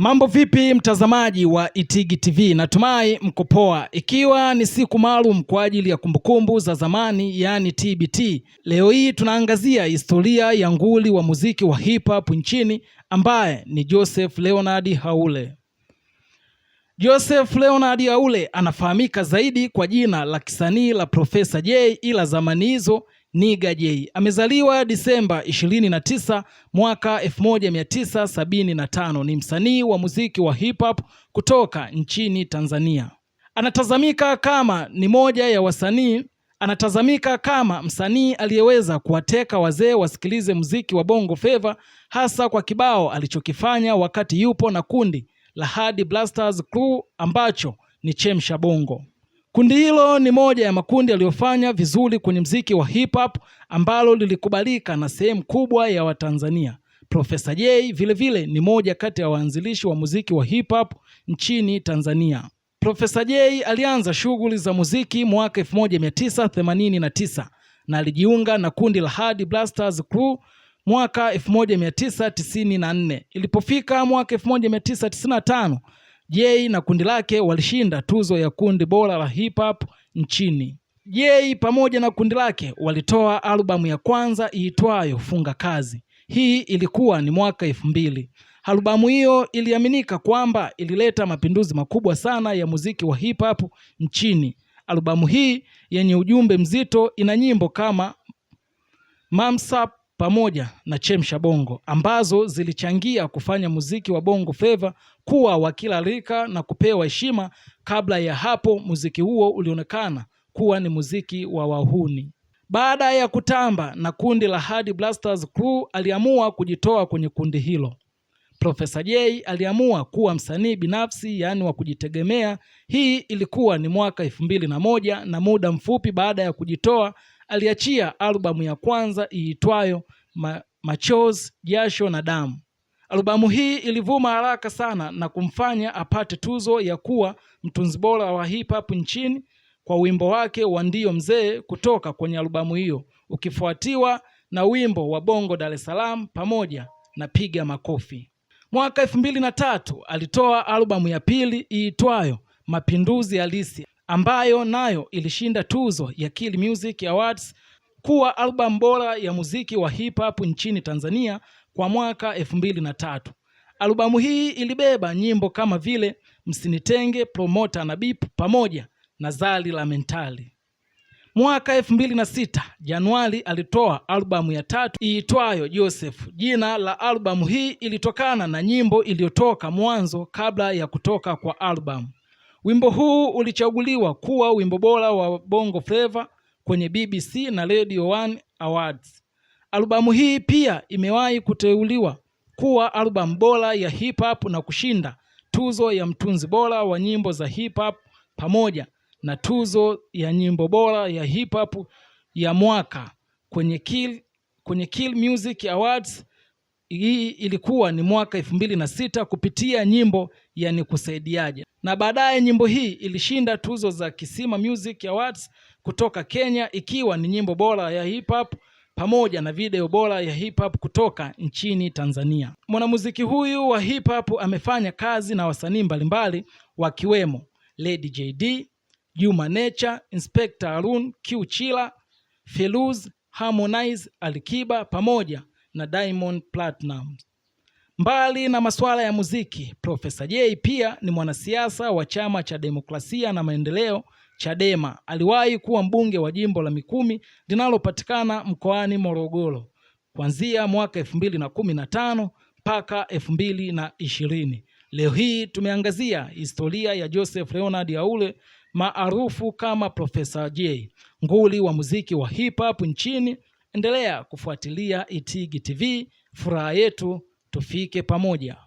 Mambo vipi mtazamaji wa Itigi TV, natumai mko poa. Ikiwa ni siku maalum kwa ajili ya kumbukumbu za zamani, yaani TBT, leo hii tunaangazia historia ya nguli wa muziki wa hip hop nchini ambaye ni Joseph Leonard Haule. Joseph Leonard Haule anafahamika zaidi kwa jina la kisanii la Profesa Jay, ila zamani hizo Niga J amezaliwa Disemba 29 mwaka 1975. Ni msanii wa muziki wa hip hop kutoka nchini Tanzania. Anatazamika kama ni moja ya wasanii anatazamika kama msanii aliyeweza kuwateka wazee wasikilize muziki wa Bongo Flava hasa kwa kibao alichokifanya wakati yupo na kundi la Hadi Blasters Crew ambacho ni Chemsha Bongo. Kundi hilo ni moja ya makundi yaliyofanya vizuri kwenye mziki wa hip hop ambalo lilikubalika na sehemu kubwa ya Watanzania. Profesa Jay vilevile ni moja kati ya waanzilishi wa muziki wa hip hop nchini Tanzania. Profesa Jay alianza shughuli za muziki mwaka 1989 na alijiunga na kundi la Hard Blasters Crew mwaka 1994. Ilipofika mwaka 1995 Jay na kundi lake walishinda tuzo ya kundi bora la hip hop nchini. Jay pamoja na kundi lake walitoa albamu ya kwanza iitwayo Funga Kazi. Hii ilikuwa ni mwaka elfu mbili. Albamu hiyo iliaminika kwamba ilileta mapinduzi makubwa sana ya muziki wa hip hop nchini. Albamu hii yenye ujumbe mzito ina nyimbo kama Mamsap pamoja na Chemsha Bongo ambazo zilichangia kufanya muziki wa Bongo Flava kuwa wa kila rika na kupewa heshima. Kabla ya hapo, muziki huo ulionekana kuwa ni muziki wa wahuni. Baada ya kutamba na kundi la Hard Blasters Crew, aliamua kujitoa kwenye kundi hilo. Profesa Jay aliamua kuwa msanii binafsi, yaani wa kujitegemea. Hii ilikuwa ni mwaka elfu mbili na moja na muda mfupi baada ya kujitoa aliachia albamu ya kwanza iitwayo Machozi, Jasho na Damu. Albamu hii ilivuma haraka sana na kumfanya apate tuzo ya kuwa mtunzi bora wa hip hop nchini kwa wimbo wake wa Ndiyo Mzee kutoka kwenye albamu hiyo, ukifuatiwa na wimbo wa Bongo Dar es Salaam pamoja na Piga Makofi. Mwaka elfu mbili na tatu alitoa albamu ya pili iitwayo Mapinduzi Halisi ambayo nayo ilishinda tuzo ya Kill Music Awards kuwa album bora ya muziki wa hip hop nchini Tanzania kwa mwaka elfu mbili na tatu. Albamu hii ilibeba nyimbo kama vile Msinitenge, Promota na Bip pamoja na Zali la Mentali. Mwaka elfu mbili na sita Januari alitoa albamu ya tatu iitwayo Joseph. Jina la albamu hii ilitokana na nyimbo iliyotoka mwanzo kabla ya kutoka kwa albamu. Wimbo huu ulichaguliwa kuwa wimbo bora wa Bongo Flava kwenye BBC na Radio 1 Awards. Albamu hii pia imewahi kuteuliwa kuwa albamu bora ya hip hop na kushinda tuzo ya mtunzi bora wa nyimbo za hip hop pamoja na tuzo ya nyimbo bora ya hip hop ya mwaka kwenye Kill, kwenye Kill Music Awards hii ilikuwa ni mwaka elfu mbili na sita kupitia nyimbo ya Nikusaidiaje, na baadaye nyimbo hii ilishinda tuzo za Kisima Music Awards kutoka Kenya, ikiwa ni nyimbo bora ya hip hop pamoja na video bora ya hip hop kutoka nchini Tanzania. Mwanamuziki huyu wa hip hop amefanya kazi na wasanii mbalimbali wakiwemo Lady JD, Juma Nature, Inspector Arun, Q Chila, Feluz, Harmonize, Alikiba pamoja na Diamond Platnumz. Mbali na masuala ya muziki, Profesa Jay pia ni mwanasiasa wa Chama cha Demokrasia na Maendeleo Chadema. Aliwahi kuwa mbunge wa jimbo la Mikumi linalopatikana mkoani Morogoro kuanzia mwaka elfu mbili na kumi na tano mpaka elfu mbili na ishirini. Leo hii tumeangazia historia ya Joseph Leonard Haule maarufu kama Profesa Jay, nguli wa muziki wa hip hop nchini Endelea kufuatilia Itigi TV, furaha yetu tufike pamoja.